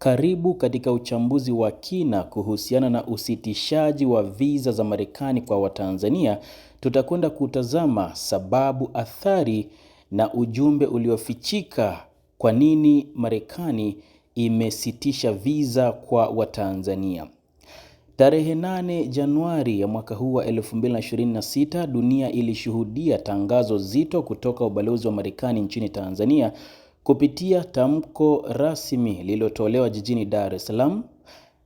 Karibu katika uchambuzi wa kina kuhusiana na usitishaji wa viza za Marekani kwa Watanzania. Tutakwenda kutazama sababu, athari na ujumbe uliofichika. Kwa nini Marekani imesitisha viza kwa Watanzania? Tarehe 8 Januari ya mwaka huu wa 2026, dunia ilishuhudia tangazo zito kutoka ubalozi wa Marekani nchini Tanzania Kupitia tamko rasmi lililotolewa jijini Dar es Salaam,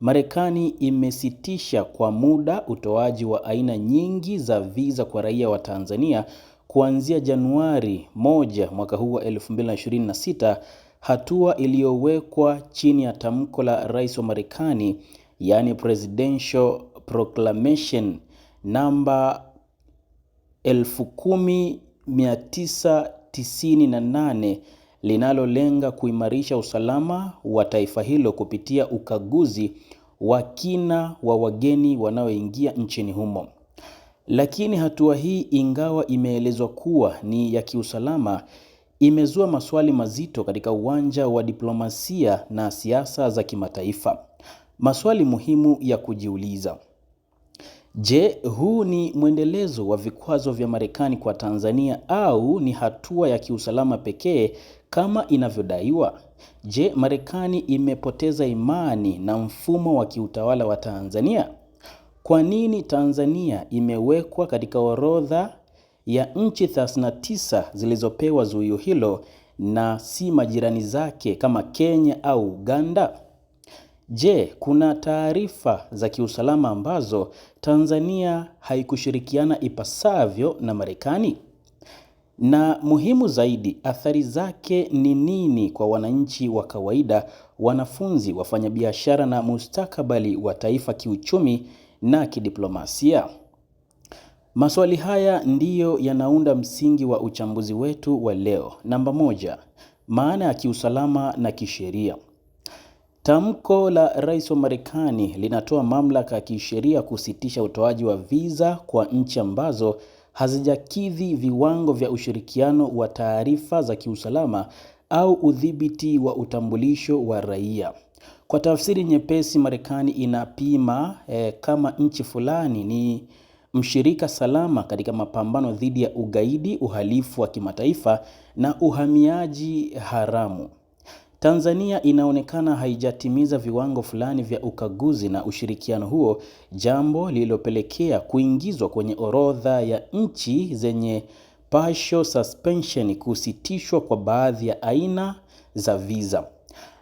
Marekani imesitisha kwa muda utoaji wa aina nyingi za visa kwa raia wa Tanzania kuanzia Januari 1 mwaka huu wa 2026, hatua iliyowekwa chini ya tamko la Rais wa Marekani, yani Presidential Proclamation namba 10998 linalolenga kuimarisha usalama wa taifa hilo kupitia ukaguzi wa kina wa wageni wanaoingia nchini humo. Lakini hatua hii, ingawa imeelezwa kuwa ni ya kiusalama, imezua maswali mazito katika uwanja wa diplomasia na siasa za kimataifa. Maswali muhimu ya kujiuliza. Je, huu ni mwendelezo wa vikwazo vya Marekani kwa Tanzania au ni hatua ya kiusalama pekee kama inavyodaiwa? Je, Marekani imepoteza imani na mfumo wa kiutawala wa Tanzania? Kwa nini Tanzania imewekwa katika orodha ya nchi 39 zilizopewa zuio hilo na si majirani zake kama Kenya au Uganda? Je, kuna taarifa za kiusalama ambazo Tanzania haikushirikiana ipasavyo na Marekani? Na muhimu zaidi, athari zake ni nini kwa wananchi wa kawaida, wanafunzi, wafanyabiashara na mustakabali wa taifa kiuchumi na kidiplomasia? Maswali haya ndiyo yanaunda msingi wa uchambuzi wetu wa leo. Namba moja, maana ya kiusalama na kisheria. Tamko la rais wa Marekani linatoa mamlaka ya kisheria kusitisha utoaji wa visa kwa nchi ambazo hazijakidhi viwango vya ushirikiano wa taarifa za kiusalama au udhibiti wa utambulisho wa raia. Kwa tafsiri nyepesi, Marekani inapima eh, kama nchi fulani ni mshirika salama katika mapambano dhidi ya ugaidi, uhalifu wa kimataifa na uhamiaji haramu. Tanzania inaonekana haijatimiza viwango fulani vya ukaguzi na ushirikiano huo, jambo lililopelekea kuingizwa kwenye orodha ya nchi zenye partial suspension, kusitishwa kwa baadhi ya aina za visa.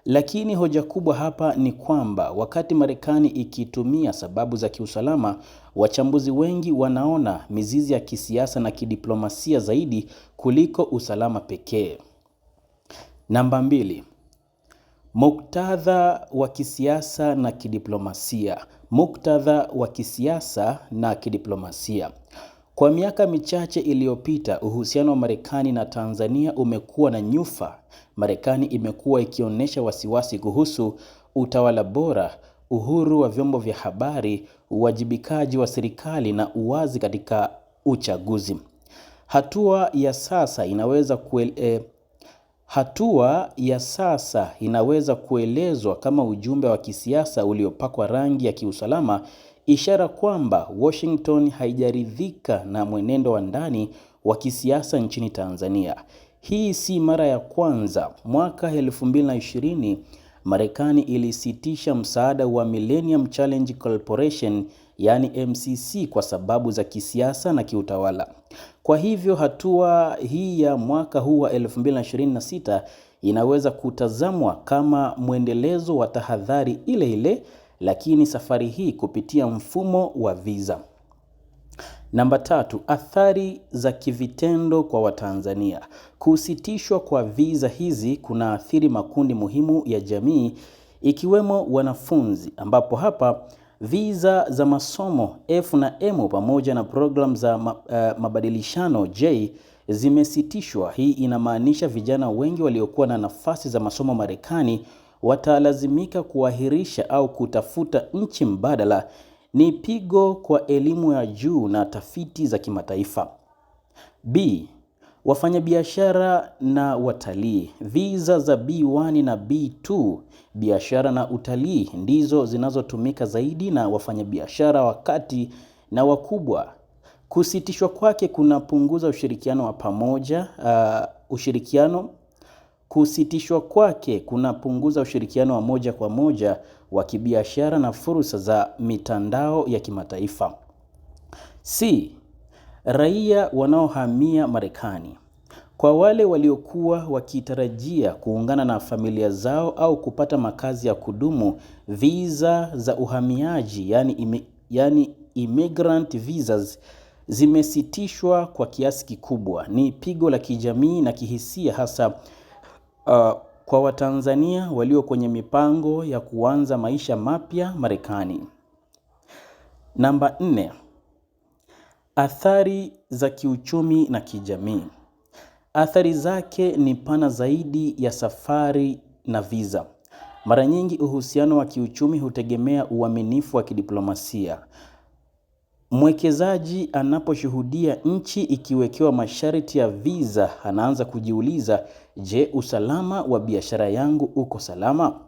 Lakini hoja kubwa hapa ni kwamba wakati Marekani ikitumia sababu za kiusalama, wachambuzi wengi wanaona mizizi ya kisiasa na kidiplomasia zaidi kuliko usalama pekee. Namba mbili, Muktadha wa kisiasa na kidiplomasia. Muktadha wa kisiasa na kidiplomasia. Kwa miaka michache iliyopita, uhusiano wa Marekani na Tanzania umekuwa na nyufa. Marekani imekuwa ikionyesha wasiwasi kuhusu utawala bora, uhuru wa vyombo vya habari, uwajibikaji wa serikali na uwazi katika uchaguzi. Hatua ya sasa inaweza kuele, eh, Hatua ya sasa inaweza kuelezwa kama ujumbe wa kisiasa uliopakwa rangi ya kiusalama, ishara kwamba Washington haijaridhika na mwenendo wa ndani wa kisiasa nchini Tanzania. Hii si mara ya kwanza. Mwaka 2020 Marekani ilisitisha msaada wa Millennium Challenge Corporation, yani MCC kwa sababu za kisiasa na kiutawala. Kwa hivyo hatua hii ya mwaka huu wa 2026 inaweza kutazamwa kama mwendelezo wa tahadhari ile ile, lakini safari hii kupitia mfumo wa visa. Namba tatu, athari za kivitendo kwa Watanzania. Kusitishwa kwa visa hizi kunaathiri makundi muhimu ya jamii ikiwemo wanafunzi, ambapo hapa viza za masomo F na M pamoja na programu za eh, mabadilishano J zimesitishwa. Hii inamaanisha vijana wengi waliokuwa na nafasi za masomo Marekani watalazimika kuahirisha au kutafuta nchi mbadala. Ni pigo kwa elimu ya juu na tafiti za kimataifa. B. Wafanyabiashara na watalii. Visa za B1 na B2, biashara na utalii, ndizo zinazotumika zaidi na wafanyabiashara wa kati na wakubwa. Kusitishwa kwake kunapunguza ushirikiano wa pamoja uh, ushirikiano kusitishwa kwake kunapunguza ushirikiano wa moja kwa moja wa kibiashara na fursa za mitandao ya kimataifa. C raia wanaohamia Marekani. Kwa wale waliokuwa wakitarajia kuungana na familia zao au kupata makazi ya kudumu, visa za uhamiaji yani, imi, yani immigrant visas zimesitishwa kwa kiasi kikubwa. Ni pigo la kijamii na kihisia hasa uh, kwa Watanzania walio kwenye mipango ya kuanza maisha mapya Marekani. Namba nne. Athari za kiuchumi na kijamii. Athari zake ni pana zaidi ya safari na visa. Mara nyingi uhusiano wa kiuchumi hutegemea uaminifu wa kidiplomasia. Mwekezaji anaposhuhudia nchi ikiwekewa masharti ya visa, anaanza kujiuliza, je, usalama wa biashara yangu uko salama?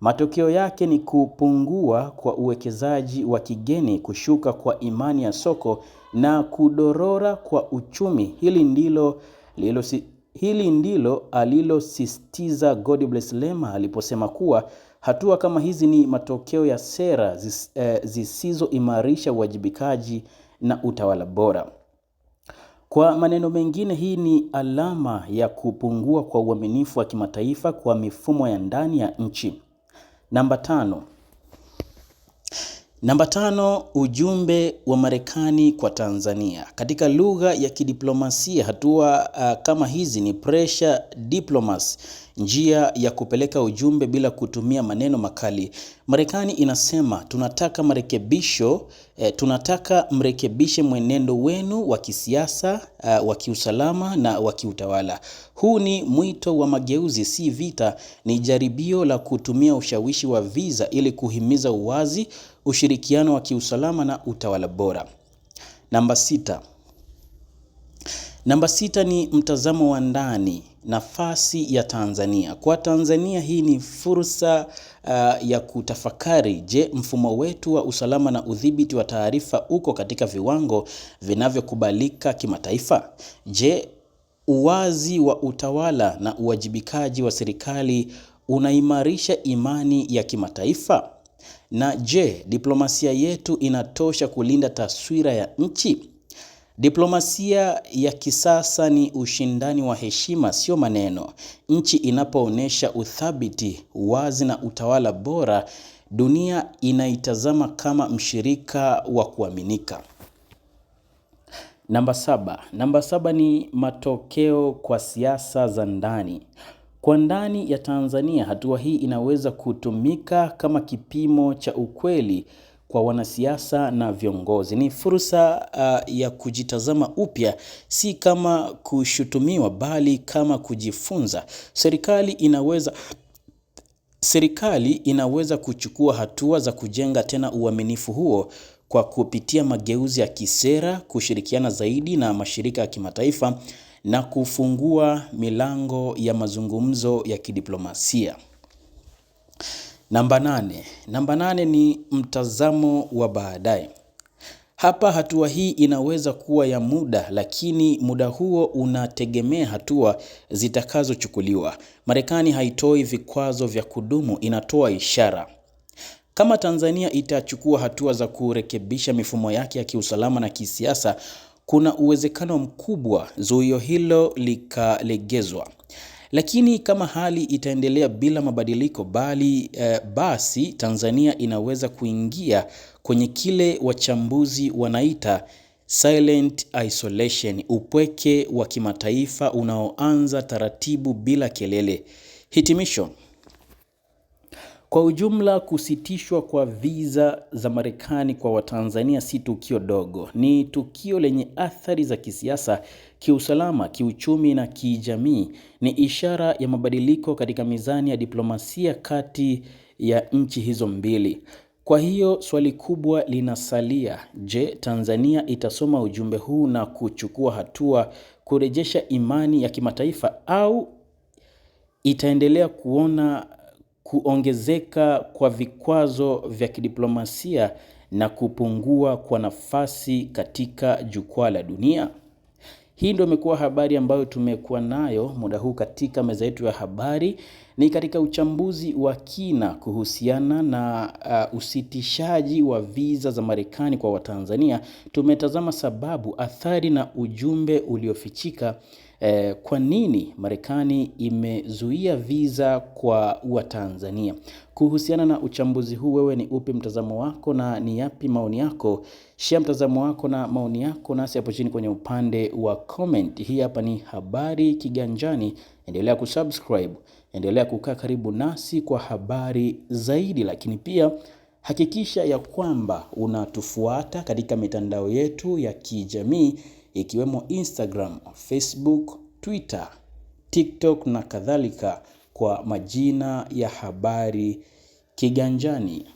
Matokeo yake ni kupungua kwa uwekezaji wa kigeni, kushuka kwa imani ya soko na kudorora kwa uchumi. Hili ndilo hili ndilo alilosisitiza Godbless Lema aliposema kuwa hatua kama hizi ni matokeo ya sera zis, eh, zisizoimarisha uwajibikaji na utawala bora. Kwa maneno mengine, hii ni alama ya kupungua kwa uaminifu wa kimataifa kwa mifumo ya ndani ya nchi. Namba tano. Namba tano, ujumbe wa Marekani kwa Tanzania. Katika lugha ya kidiplomasia, hatua uh, kama hizi ni pressure diplomacy njia ya kupeleka ujumbe bila kutumia maneno makali. Marekani inasema tunataka marekebisho e, tunataka mrekebishe mwenendo wenu wa kisiasa uh, wa kiusalama na wa kiutawala. Huu ni mwito wa mageuzi, si vita. Ni jaribio la kutumia ushawishi wa visa ili kuhimiza uwazi, ushirikiano wa kiusalama na utawala bora. Namba sita. Namba sita ni mtazamo wa ndani, nafasi ya Tanzania. Kwa Tanzania hii ni fursa uh, ya kutafakari. Je, mfumo wetu wa usalama na udhibiti wa taarifa uko katika viwango vinavyokubalika kimataifa? Je, uwazi wa utawala na uwajibikaji wa serikali unaimarisha imani ya kimataifa? Na je, diplomasia yetu inatosha kulinda taswira ya nchi? Diplomasia ya kisasa ni ushindani wa heshima, sio maneno. Nchi inapoonyesha uthabiti, wazi na utawala bora, dunia inaitazama kama mshirika wa kuaminika. Namba saba. Namba saba ni matokeo kwa siasa za ndani. Kwa ndani ya Tanzania, hatua hii inaweza kutumika kama kipimo cha ukweli kwa wanasiasa na viongozi. Ni fursa uh, ya kujitazama upya, si kama kushutumiwa, bali kama kujifunza. Serikali inaweza serikali inaweza kuchukua hatua za kujenga tena uaminifu huo kwa kupitia mageuzi ya kisera, kushirikiana zaidi na mashirika ya kimataifa na kufungua milango ya mazungumzo ya kidiplomasia. Namba nane. Namba nane ni mtazamo wa baadaye. Hapa hatua hii inaweza kuwa ya muda, lakini muda huo unategemea hatua zitakazochukuliwa. Marekani haitoi vikwazo vya kudumu, inatoa ishara. Kama Tanzania itachukua hatua za kurekebisha mifumo yake ya kiusalama na kisiasa, kuna uwezekano mkubwa zuio hilo likalegezwa. Lakini kama hali itaendelea bila mabadiliko bali eh, basi Tanzania inaweza kuingia kwenye kile wachambuzi wanaita silent isolation, upweke wa kimataifa unaoanza taratibu bila kelele. Hitimisho. Kwa ujumla, kusitishwa kwa viza za Marekani kwa Watanzania si tukio dogo, ni tukio lenye athari za kisiasa kiusalama, kiuchumi na kijamii ni ishara ya mabadiliko katika mizani ya diplomasia kati ya nchi hizo mbili. Kwa hiyo swali kubwa linasalia, je, Tanzania itasoma ujumbe huu na kuchukua hatua kurejesha imani ya kimataifa au itaendelea kuona kuongezeka kwa vikwazo vya kidiplomasia na kupungua kwa nafasi katika jukwaa la dunia? Hii ndio imekuwa habari ambayo tumekuwa nayo muda huu katika meza yetu ya habari ni katika uchambuzi wa kina kuhusiana na uh, usitishaji wa viza za Marekani kwa Watanzania. Tumetazama sababu, athari na ujumbe uliofichika. Eh, kwa nini Marekani imezuia viza kwa Watanzania? Kuhusiana na uchambuzi huu, wewe ni upi mtazamo wako na ni yapi maoni yako? Shia mtazamo wako na maoni yako nasi hapo chini kwenye upande wa comment. Hii hapa ni Habari Kiganjani. Endelea kusubscribe, endelea kukaa karibu nasi kwa habari zaidi, lakini pia hakikisha ya kwamba unatufuata katika mitandao yetu ya kijamii ikiwemo Instagram, Facebook, Twitter, TikTok na kadhalika kwa majina ya Habari Kiganjani.